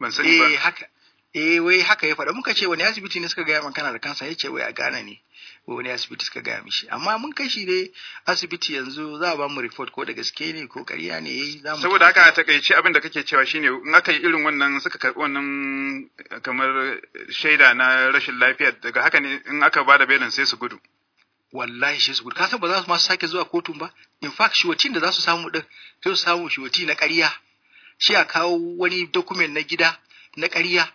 ban sani ba eh haka eh wai haka ya faɗa muka ce wani asibiti ne suka gaya kana da kansa yace wai a gane ne wani asibiti suka gaya mishi amma mun kai shi ne asibiti yanzu za a ba mu report ko da gaske ne ko ƙarya ne yayi eh, za mu saboda haka a takaice abin da kake cewa shine in aka yi irin wannan suka karɓi wannan eh, kamar shaida na rashin lafiya daga haka ne in aka ba da belin sai su gudu wallahi shi su gudu ka san ba za su masu sake zuwa kotun ba in fact shiwatin da za su samu din sai su samu shiwati na ƙarya shi a kawo wani document na gida na ƙarya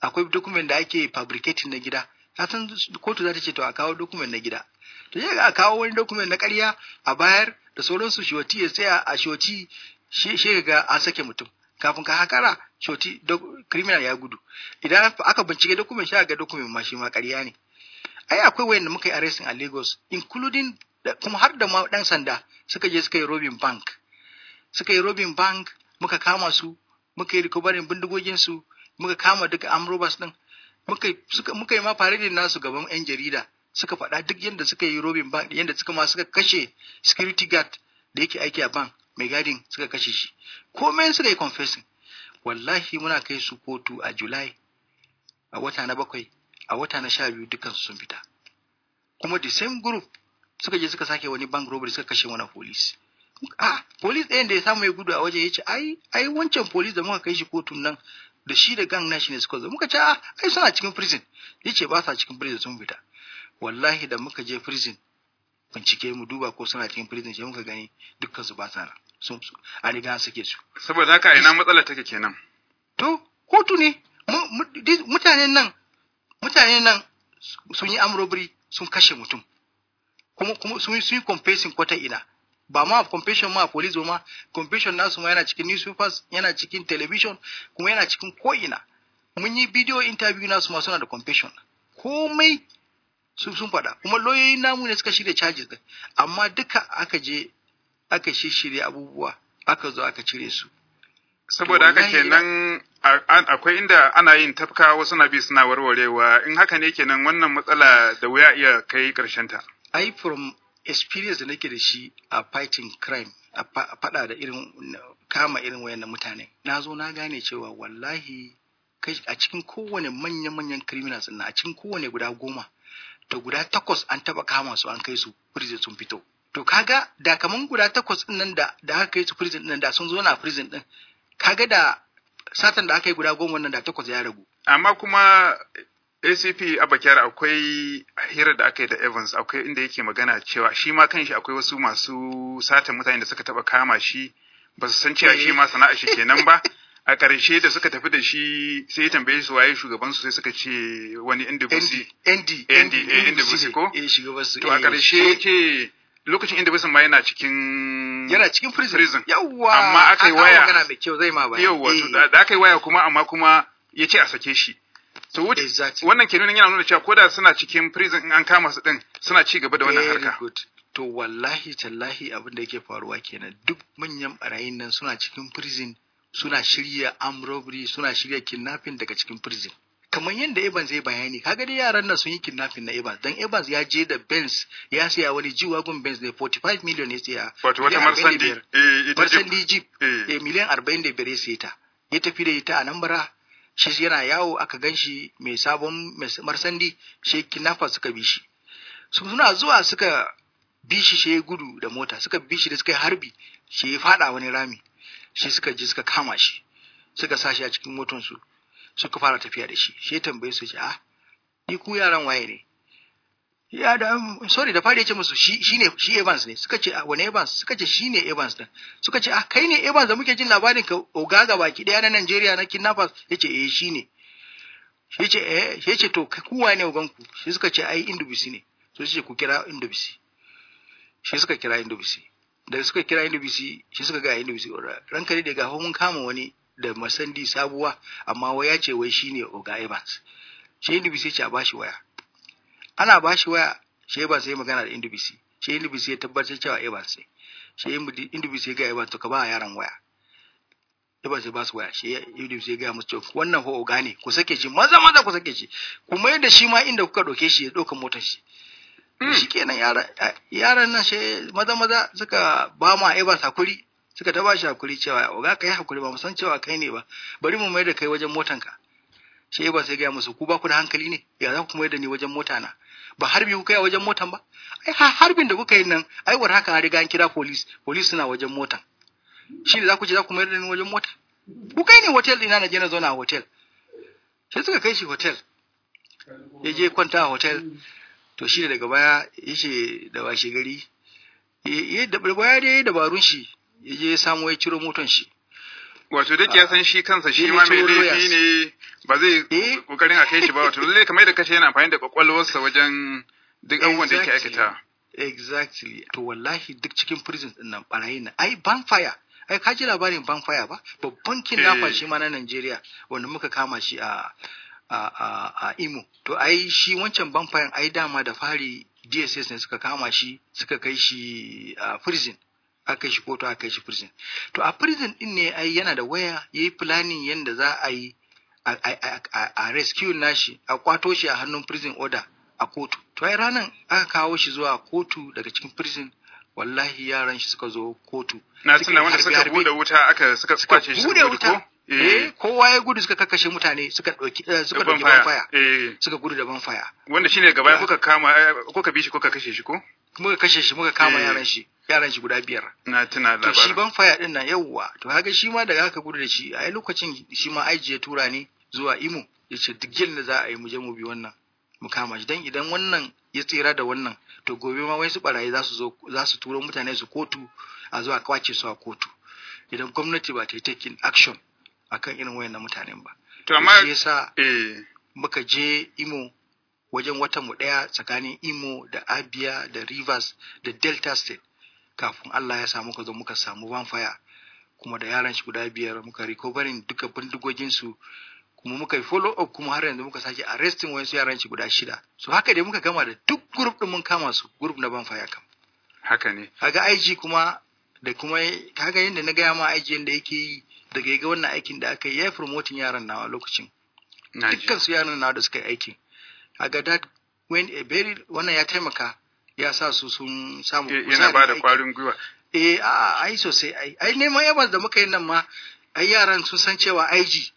akwai document da ake fabricating na gida ka san kotu za ta ce to a kawo dokumen na gida to ga a kawo wani dokumen na karya a bayar da sauransu shoti ya tsaya a shoti shi ga an sake mutum kafin ka hakara shoti criminal ya gudu idan aka bincike dokumen shi ga dokumen ma shi ma ƙarya ne ai akwai wayan da muka yi arrestin a Lagos including kuma har da ma dan sanda suka je suka yi robin bank suka yi robin bank muka kama su muka yi recovery bindigogin su muka kama duka amrobas din muka yi ma faridin nasu gaban yan jarida suka faɗa duk yadda suka yi robin bank yadda suka ma suka kashe security guard da yake aiki a bank mai gadin suka kashe shi komai suka yi confessing wallahi muna kai su kotu a july a wata na bakwai a wata na sha biyu dukan sun fita kuma the same group suka je suka sake wani bank robbery suka kashe wani police a police ɗayan da ya samu ya gudu a waje ya ce ai ai wancan police da muka kai shi kotun nan da shi da gang nashi ne suka zo muka ce a ah, ai suna cikin prison yace ba sa cikin prison sun fita wallahi da muka je prison bincike mu duba ko suna cikin prison sai muka gani dukkan su ba sa nan sun su a riga suke su saboda haka ina matsala take kenan to kotu ne mutanen nan mutanen nan sun yi amrobri sun kashe mutum kuma kuma sun yi confessing kwata ina ba ma compassion ma police ma compassion nasu ma yana cikin newspapers yana cikin television kuma yana cikin ko'ina mun yi bidiyo interview nasu ma suna da compassion komai sun sun faɗa kuma lauyoyin namu ne suka shirya charges din amma duka aka je aka shirya abubuwa aka zo aka cire su saboda haka kenan akwai inda ana yin tafka wasu na bi suna warwarewa in haka ne kenan wannan matsala da wuya iya kai karshen ta ai from experience da nake da shi a fighting crime a fada da irin kama irin wayannan mutane na zo na gane cewa wallahi a cikin kowane manya-manyan criminals na a cikin kowane guda goma da guda takwas an taba kama su an kai su prison sun fito to kaga da kaman guda takwas din nan da da aka kai su prison din da sun zo na prison din kaga da satan da aka yi guda goma nan da takwas ya ragu amma kuma ACP bakiyar akwai hira da aka yi da Evans akwai inda yake magana cewa shi ma kan shi akwai wasu masu satan mutane da suka taba kama shi ba su san cewa shi ma eh. sana'a shi kenan ba a ƙarshe da suka tafi da shi sai ya tambaye su waye shugaban su sai suka ce wani NDBC ND ND ko eh, to a eh, ƙarshe ce lokacin Indibusin ma yana cikin yana cikin prison yawwa amma aka yi waya yawwa da aka yi waya kuma amma kuma ya ce a sake shi to wuce eh, wannan ke nuna yana nuna cewa ko da suna cikin prison in an kama su din suna ci gaba da wannan harka to wallahi tallahi abin da yake faruwa kenan duk manyan barayin nan suna cikin prison suna shirya arm robbery suna shirya kidnapping daga cikin prison kamar yadda Evans ya bayani kaga dai yaran nan sun yi kidnapping na Evans dan Evans ya je da Benz ya saya wani G-Wagon Benz ne 45 million ya saya wato wata Marsandi. eh ita Mercedes Jeep eh miliyan 45 ya siya ta ya tafi da ita a bara, shi yana yawo aka gan shi mai sabon marsandi shi kinafa suka bi shi suna zuwa suka bi shi shi gudu da mota suka bi shi da suka yi harbi shi ya fada wani rami shi suka ji suka kama shi suka sa shi a cikin motonsu suka fara tafiya da shi shi ya tambaye su ce ah ni ku yaran waye ne ya da um, sorry da fari ya ce musu shi shine shi Evans ne suka ce ah, wane Evans suka ce shine Evans din suka ce ah kai ne Evans da muke jin labarin ka ogaga baki daya na Najeriya na kidnappers yace eh shine shi eh yace ce to ku wane ogan ku shi suka ce ai Indubisi ne to shi ce ku kira Indubisi shi suka kira Indubisi da suka kira Indubisi shi suka ga Indubisi ranka ne daga mun kama wani da masandi sabuwa amma waya ce wai shine Oga Evans shi Indubisi ce a bashi waya ana ba shi waya shi ba sai magana da indubisi shi indubisi ya tabbatar cewa ba sai shi indubisi ya ga ba to ka ba yaran waya ba ya ba su waya shi indubisi ya ga musu wannan ho oga ne ku sake shi maza maza ku sake shi ku mai da shi ma inda kuka ɗauke shi ya doka motar shi hmm. shi kenan yaran nan shi maza maza suka ba ma ba hakuri suka ta ba shi hakuri cewa oga kai hakuri ba mu san cewa kai ne ba bari mu mai da kai wajen motanka shi ba sai gaya musu ku ba ku da hankali ne ya za ku mai da ni wajen mota na ba harbi kuka a wajen motan ba ai harbin da kuka yi nan ai war haka an riga an kira police police suna wajen motan shi ne za ku je za ku mayar da ni wajen mota ku kai ne hotel ina na je na zauna a hotel sai suka kai shi hotel ya je kwanta a hotel to shi daga baya ya ce da washe gari da baya dai dabarun shi ya je ya samu ya ciro motan shi wato duk ya san shi kansa shi ma mai laifi ne ba zai kokarin a kai shi ba wato lalle kamar da kace yana amfani da kwakwalwarsa wajen duk abubuwan da yake aikata exactly to wallahi duk cikin prison din nan barayi na ai bonfire ai ka ji labarin bonfire ba babban kidnapper eh. shi ma na Najeriya wanda muka kama shi a a Imo to ai shi wancan bonfire ai dama da fari DSS ne suka kama shi suka kai shi a prison aka shi kotu aka shi prison to a prison din ne ai yana da waya yayi planning yanda za a yi a rescue nashi a kwato shi a hannun prison order a kotu to ai ranan aka kawo shi zuwa kotu daga cikin prison wallahi yaran shi suka zo kotu na tuna wanda suka bude wuta aka suka kwace shi suka bude wuta Eh, eh. kowa ya gudu suka kakkashe mutane suka ɗauki eh, suka ɗauki banfaya suka gudu da banfaya wanda shine gaba kuka kama kuka bi shi kuka kashe shi ko muka kashe shi muka kama yaran shi yaran shi guda biyar na tuna labarin to shi banfaya din nan yawwa to kaga shi ma daga haka gudu da shi a lokacin shi ma aiji ya tura ni zuwa Imo yace duk da za a yi mu je mu bi wannan mu kama shi dan idan wannan ya tsira da wannan to gobe ma wai su barayi za su zo za su turo mutane su kotu a zuwa kwace su a kotu idan gwamnati ba ta yi taking action akan irin na mutanen ba to amma yasa eh. muka je Imo wajen watan mu daya tsakanin Imo da Abia da Rivers da Delta State kafin Allah ya samu ka zo muka samu vampire kuma da yaran shi guda biyar muka recovering duka bindigogin su kuma muka yi follow up kuma har yanzu muka sake arresting su yaran shi guda shida so haka dai muka gama da duk group din mun kama su group na vampire kam haka ne kaga IG kuma da kuma kaga yadda na gaya ma IG yadda yake yi daga ga wannan aikin da aka yi ya yi promoting yaran nawa lokacin dukkan su yaran nawa da suka yi aikin ga dat when a very wannan ya taimaka ya sa su sun samu yana ba da kwarin gwiwa eh a ai sosai ai ai neman yabas da muka yi nan ma ai yaran sun san cewa IG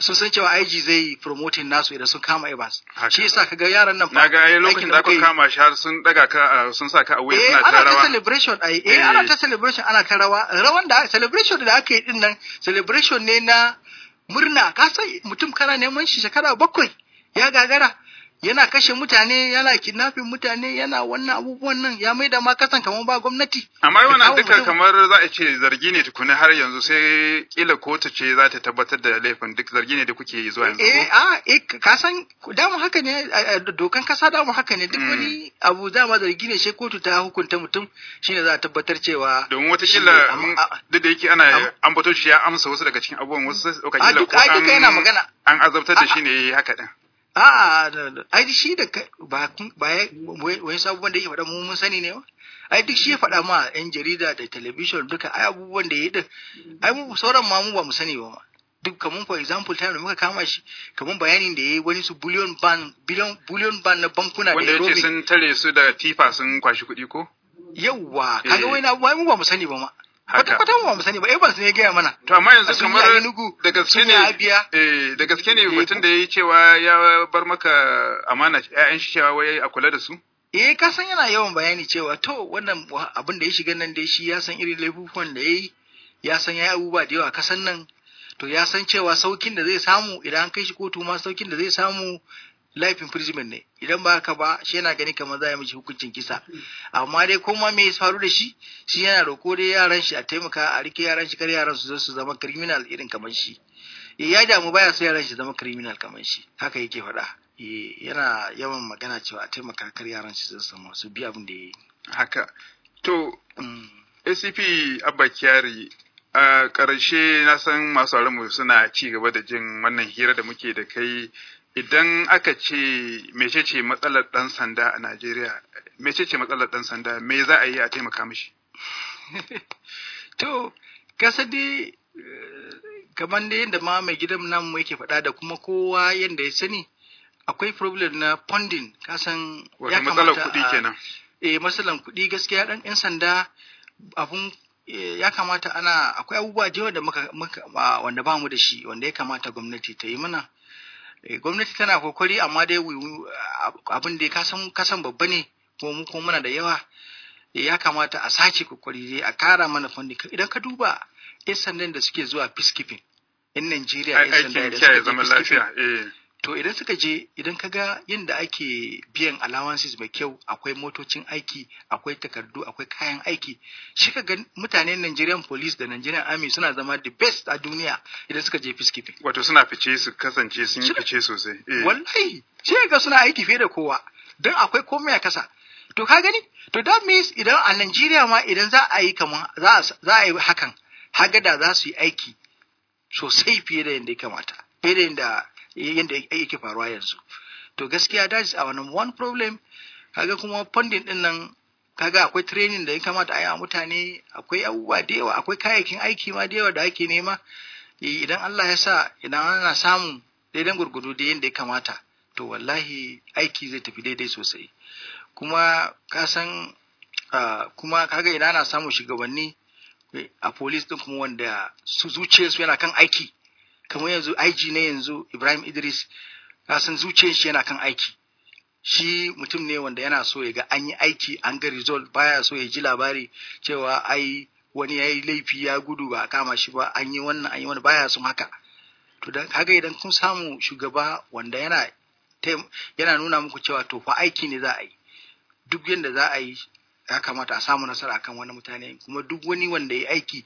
sun san cewa IG zai promoting nasu idan sun kama Evans. Shi yasa kaga yaran nan fa. ga ai lokacin da aka kama shi har sun daga ka sun sa ka a eh, suna ta rawa. Eh ana ta celebration ai. Eh ana ta eh. celebration ana ta rawa. Rawan da celebration da aka yi din nan celebration ne na murna ka san mutum kana neman shi shekara bakwai ya gagara yana kashe mutane yana kidnapping mutane yana wannan abubuwan nan ya maida ma kasan kamar ba gwamnati amma wannan duka kamar za a ce zargi ne tukuni har yanzu sai kila kotu ce za ta tabbatar da laifin duk zargi ne da kuke yi zuwa yanzu eh a ah, eh kasan dama haka ne dokan kasa dama haka ne duk hmm. wani abu dama zargi ne sai kotu ta hukunta mutum shine za a tabbatar cewa domin wata kila duk da yake ana ambato shi ya amsa wasu daga cikin abubuwan wasu ɗauka yana ko an azabtar da shi ne haka din a ai shi da ba ba wai sabuwan da yake faɗa mu mun sani ne ba ai duk shi ya faɗa ma yan jarida da television duka ai abubuwan da ya yi din ai mu sauran ma mu ba mu sani ba ma duk kaman for example time da muka kama shi kaman bayanin da ya yi wani su billion ban billion billion ban na bankuna da Europe wanda sun tare su da tifa sun kwashi kuɗi ko yawwa kaga eh. wai na wai mu ba mu sani ba ma haka kwata kwata mu sani ba Evans ne ya gaya mana to amma yanzu kamar eh, da gaske ne eh da gaske ne mutum da ya yi cewa ya bar maka amana ƴaƴan shi cewa wai a kula da su eh ka san yana yawan bayani cewa to wannan abin da ya shiga nan dai shi ya san irin laifukan da ya yi, ya san ya yi abubuwa da yawa kasan nan to ya san cewa saukin da zai samu idan an kai shi kotu ma saukin da zai samu life imprisonment ne idan ba haka ba shi yana gani kamar za a mishi hukuncin kisa amma dai ma me ya faru da shi shi yana roko dai yaran shi a taimaka a rike yaran shi kar yaran su su zama criminal irin kamar shi eh, ya damu baya so yaran shi zama criminal kamar shi haka yake faɗa eh, yana yawan magana cewa a taimaka kar yaran shi su zama su bi abin da ya yi haka to mm. acp abba kyari a ƙarshe na san masu mu suna ci gaba da jin wannan hira da muke da kai idan aka ce mecece matsalar ɗan sanda a Najeriya, mecece matsalar ɗan sanda me za a yi a taimaka mishi? to, kasa dai eh, kamar da yadda ma mai gidan namu yake faɗa da kuma kowa yadda ya sani akwai problem na funding kasan ya kamata kuɗi kenan. Eh, matsalar kuɗi gaskiya ɗan 'yan sanda abun eh, ya kamata ana akwai abubuwa da muka wanda ba mu da shi wanda ya kamata gwamnati ta yi mana. Eh, gwamnati tana kokari amma dai abin da kasan kasan babba ne ko mu ko muna da yawa eh, ya kamata a sace kokari dai a kara mana fundi idan ka duba yan sandan da suke zuwa peacekeeping in Najeriya yan sandan da suke zuwa peacekeeping eh. to idan suka je idan ka ga yadda ake biyan allowances mai kyau akwai motocin aiki akwai takardu akwai kayan aiki shi ka ga mutanen Nigerian police da Nigerian army suna zama the best a duniya idan suka je peacekeeping wato suna fice su kasance sun yi fice sosai eh. wallahi shi ga suna aiki fiye da kowa don akwai komai a kasa to ka gani to that means idan a Najeriya ma idan za a yi kama, za a yi hakan hagada za su yi aiki sosai fiye da yadda ya kamata fiye da yadda yadda yake faruwa yanzu to gaskiya that is our number one problem kaga kuma funding din nan kaga akwai training da ya kamata a yi a mutane akwai abubuwa da yawa akwai kayayyakin aiki ma da yawa da ake nema eh, idan Allah ya sa idan ana samun daidan gurgudu da yadda ya kamata to wallahi aiki zai tafi daidai sosai kuma ka san kuma kaga idan ana samun shugabanni eh, a police din kuma wanda su zuciyarsu yana kan aiki kamar yanzu IG na yanzu Ibrahim Idris kasan san zuciyar shi yana kan aiki shi mutum ne wanda yana so ya ga an yi aiki an ga result baya so ya ji labari cewa ai wani ya yi laifi ya gudu ba a kama shi ba an yi wannan an yi wani baya son haka to dan kaga idan kun samu shugaba wanda yana yana nuna muku cewa to fa aiki ne za a yi duk yadda za a yi ya kamata a samu nasara akan wani mutane kuma duk wani wanda ya aiki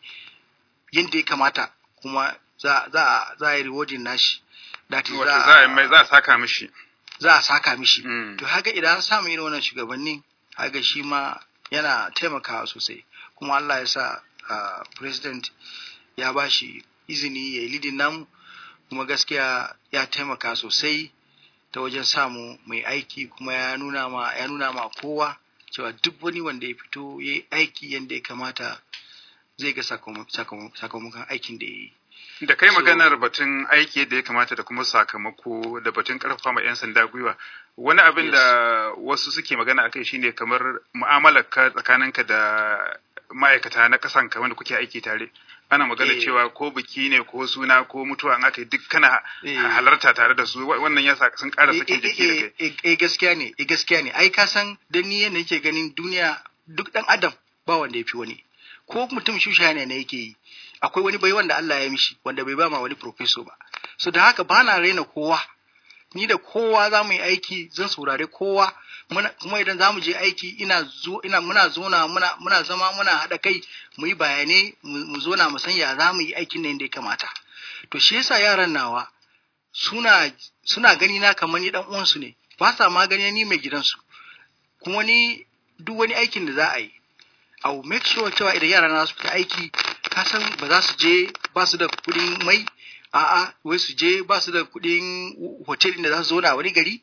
yanda ya kamata kuma za za a yi rewarding nashi that is za a mai za a saka mishi za a saka mishi mm. to haka idan an samu irin wannan shugabanni haka shi ma yana taimakawa sosai kuma Allah ya sa president ya ba shi izini ya yi lidin namu kuma gaskiya ya taimaka sosai ta wajen samu mai aiki kuma ya nuna ma ya nuna ma kowa cewa duk wani wanda ya fito ya yi aiki yadda ya kamata zai ga sakamakon aikin da ya yi da kai maganar batun aiki da ya kamata da kuma sakamako da batun karfafa ma 'yan sanda gwiwa wani abin da wasu suke magana akai shine kamar mu'amalar ka tsakaninka da ma'aikata na kasan ka da kuke aiki tare ana magana eh. cewa ko biki ne ko suna ko mutuwa an aka yi duk kana eh. halarta tare da su wannan ya sa sun ƙara eh, sakin jiki da kai eh gaskiya ne eh gaskiya ne ai ka san da ni yana yake ganin duniya duk dan adam ba wanda ya fi wani ko mutum shusha ne yake yi akwai wani baiwan wanda Allah ya mishi wanda bai ba ma wani professor ba so da haka bana raina kowa ni da kowa za mu yi aiki zan saurare kowa kuma idan za mu je aiki ina muna zona muna zama muna haɗa kai mu yi bayanai mu zona mu san ya za mu yi aikin nan da ya kamata to shi yasa yaran nawa suna suna gani na kamar ni dan uwansu ne ba sa ma gani ni mai gidansu kuma ni duk wani aikin da za a yi Awo make sure cewa idan yara na su fita aiki kasan ba za su je ba su da kuɗin mai a'a wai su je ba su da kuɗin hotelin da za su zauna wani gari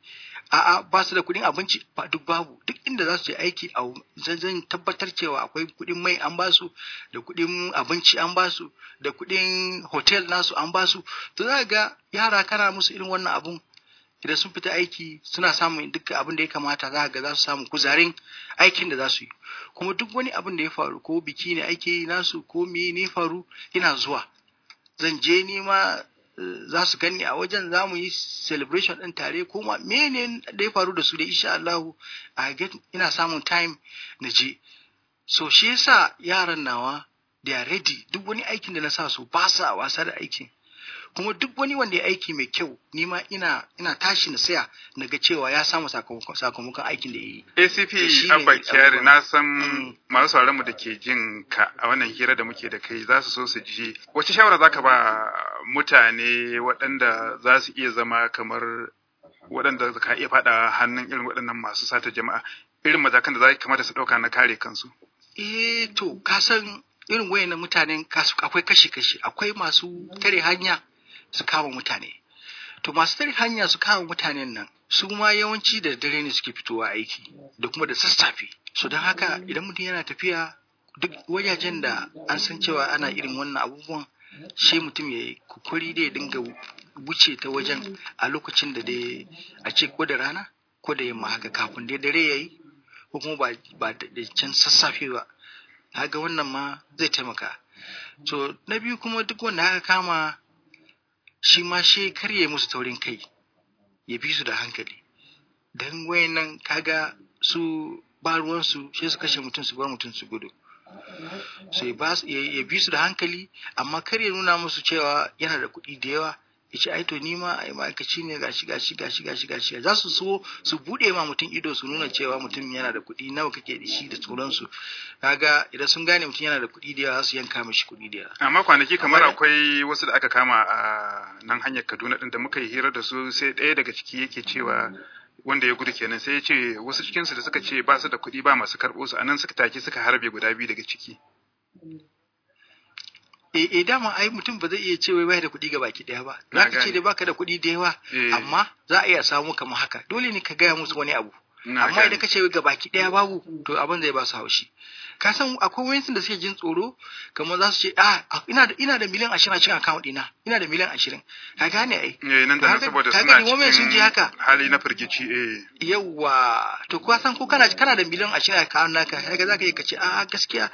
a'a ba su da kuɗin abinci ba duk babu duk inda za su je aiki a zan tabbatar cewa akwai kuɗin mai an ba su da kuɗin abinci an ba su da kuɗin hotel nasu an ba su to za ga yara kana musu irin wannan abun idan sun fita aiki suna samun duk abin da ya kamata za ga za su samu kuzarin aikin da za su yi kuma duk wani abin da ya faru ko biki ne ake yi nasu ko me ne faru ina zuwa zan je ni ma eh, za su gani a wajen za mu yi celebration ɗin tare ko ma mene da ya faru da su da insha Allahu a get ina samun time na je so shi yasa yaran nawa they are ready duk wani aikin da na sa su ba sa wasa da aikin kuma duk wani wanda ya aiki mai kyau ni ma ina ina tashi na saya na ga cewa ya samu sakamakon sakamakon aikin da yayi ACP Abba Kyari na san mm. masu sauraron mu da ke jin ka a wannan hira da muke da kai za su so su ji wace shawara zaka ba mutane waɗanda za su iya zama kamar waɗanda ka iya faɗa hannun irin waɗannan masu sata jama'a irin matakan da za kamata su ɗauka na kare kansu eh to ka san irin wayannan mutanen kasu akwai kashi-kashi akwai masu tare hanya su kama mutane to masu tare hanya su kama mutanen nan su ma yawanci da dare ne suke fitowa aiki da kuma da sassafe so don haka idan mutum yana tafiya duk wajajen da an san cewa ana irin wannan abubuwan shi mutum ya yi kukuri da ya dinga wuce ta wajen a lokacin da dai a ce ko da rana ko da yamma haka kafin dai dare ya yi ko kuma ba da can sassafe ba haka wannan ma zai taimaka to na biyu kuma duk wanda haka kama shi ma shi karye musu taurin kai ya bi su da hankali don wayannan kaga su ba ruwansu sai su kashe mutum su bar mutum su gudu sai ya bi su da hankali amma kar ya nuna musu cewa yana da kuɗi da yawa ya ce ai to ni ma ai ma'aikaci ne gashi gashi gashi gashi gashi za su so su bude ma mutum ido su nuna cewa mutum yana da kuɗi nawa kake da shi da sauransu kaga idan sun gane mutum yana da kuɗi da yawa su yanka mishi kuɗi da yawa amma kwanaki kamar akwai wasu da aka kama a nan hanyar Kaduna din da muka yi hira da su sai ɗaya daga ciki yake cewa wanda ya gudu kenan sai ya ce wasu cikinsu da suka ce ba su da kuɗi ba masu karɓo su anan suka take suka harbe guda biyu daga ciki eh eh dama ai mutum ba zai iya ce wai bai da kuɗi ga baki ɗaya ba za ka ce da baka da kuɗi da yawa eh. amma za a iya samu kamar haka dole ne ka gaya musu wani abu amma idan ka ce ga baki ɗaya babu to abin zai ba su haushi ka san akwai sun da suke jin tsoro kamar za su ce ah, ina da ina da miliyan ashirin a cikin account ɗina ina da miliyan ashirin ka gane ai eh nan da saboda suna cikin sun ji haka hali na firgici eh yawa to ka san ko kana kana da miliyan ashirin a account naka za ka yi ka ce a ah, gaskiya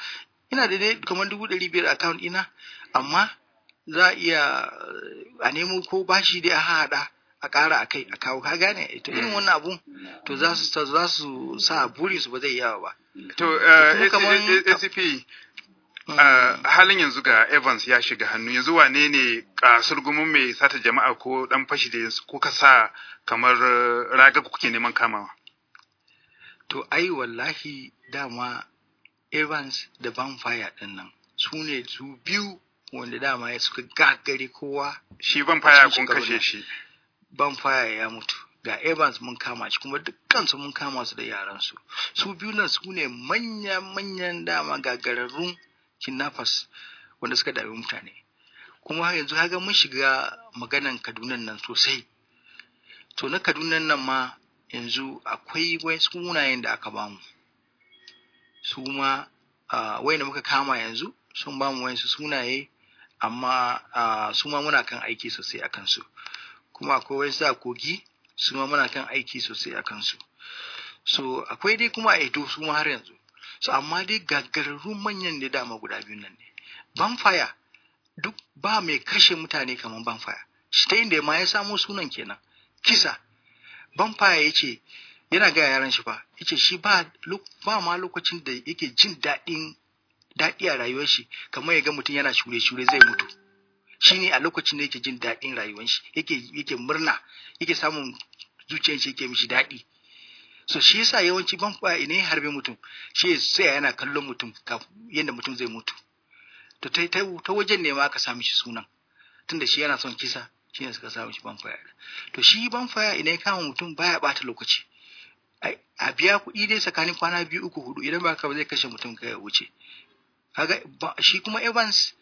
ina da dai kamar dubu ɗari biyar a account ina amma za a iya a nemo ko bashi dai a haɗa a ƙara a kai a kawo ka gane ita irin wannan abun to za su za su sa buri su ba zai yawa ba to uh, ACP uh, mm. uh, halin yanzu ga Evans ya shiga hannu yanzu wane ne kasar gumin mai sata jama'a ko dan fashi da ko ka sa kamar raga kuke neman kamawa to ai wallahi dama evans da Bonfire ɗin nan su ne su biyu wanda dama ya suka gagari kowa shi Bonfire kun kashe shi Bonfire ya mutu ga evans mun kama shi kuma dukkansu mun kama su da yaransu su biyu nan su ne manya-manyan dama gagararrun kidnappers wanda suka dami mutane kuma yanzu ga mun shiga maganan Kaduna nan sosai to na Kaduna nan ma yanzu akwai wani sunayen da aka bamu su ma wayanda muka kama yanzu sun ba mu wayansu sunaye amma su ma muna kan aiki sosai a kansu kuma akwai wayansu a kogi su ma muna kan aiki sosai a kansu so akwai dai kuma a edo su ma har yanzu so amma dai gagararrun manyan da dama guda biyu nan ne banfaya duk ba mai kashe mutane kamar banfaya shi ta inda ma ya samo sunan kenan kisa banfaya ya ce yana gaya yaran shi ba yace shi ba ba ma lokacin da yake jin daɗin daɗi a rayuwar shi kamar ya ga mutum yana shure shure zai mutu shi a lokacin da yake jin daɗin rayuwar shi yake yake murna yake samun zuciyar shi yake mishi daɗi so shi yasa yawanci ban fa ina harbe mutum shi sai yana kallon mutum yadda mutum zai mutu to ta ta wajen ne ma aka sami shi sunan tunda shi yana son kisa shi ne suka sami shi ban faya to shi ban faya ina ya kama mutum baya bata lokaci a biya kuɗi dai tsakanin kwana biyu uku hudu idan ba ba zai kashe mutum ka wuce kaga shi kuma Evans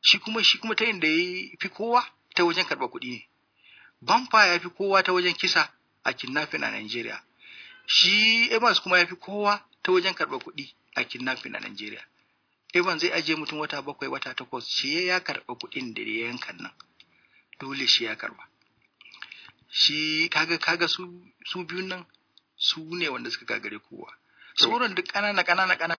shi kuma shi kuma ta yadda ya fi kowa ta wajen karɓar kuɗi ne Bamfa ya fi kowa ta wajen kisa a kidnapping a Najeriya shi Evans kuma ya fi kowa ta wajen karɓar kuɗi a kidnapping a Najeriya Evans zai ajiye mutum wata bakwai wata takwas shi ya karɓa kuɗin da ya yanka nan dole shi ya karɓa shi kaga kaga su su biyun nan su ne wanda suka gagare kowa sauran duk ƙanana ƙanana ƙanana